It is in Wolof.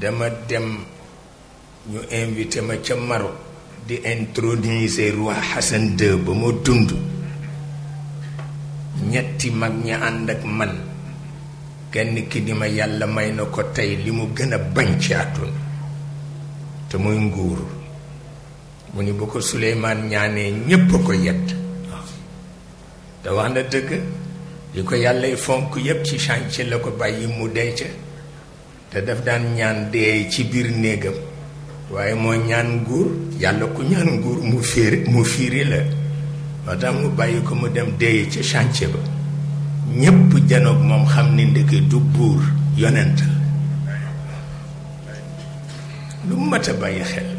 dama dem ñu invité ma ca maro di introniser roi Hassan II ba mu dund ñetti mag ñi ànd ak man kenn ki di yàlla may na ko tey li mu gën a bañ ci àdduna te muy nguur mu ni bu ko Suleymaan ñaanee ñépp a ko yedd te wax na dëgg li ko yàllay fonk yépp ci chantier la ko bàyyi mu dee ca te daf daan ñaan dee ci biir néegam waaye moo ñaan nguur yàlla ku ñaan nguur mu fiir mu fiiri la moo tax mu bàyyi ko mu dem dee ca chantier ba ñépp janoog moom xam ni ndeke du buur yonent lu mat a bàyyi xel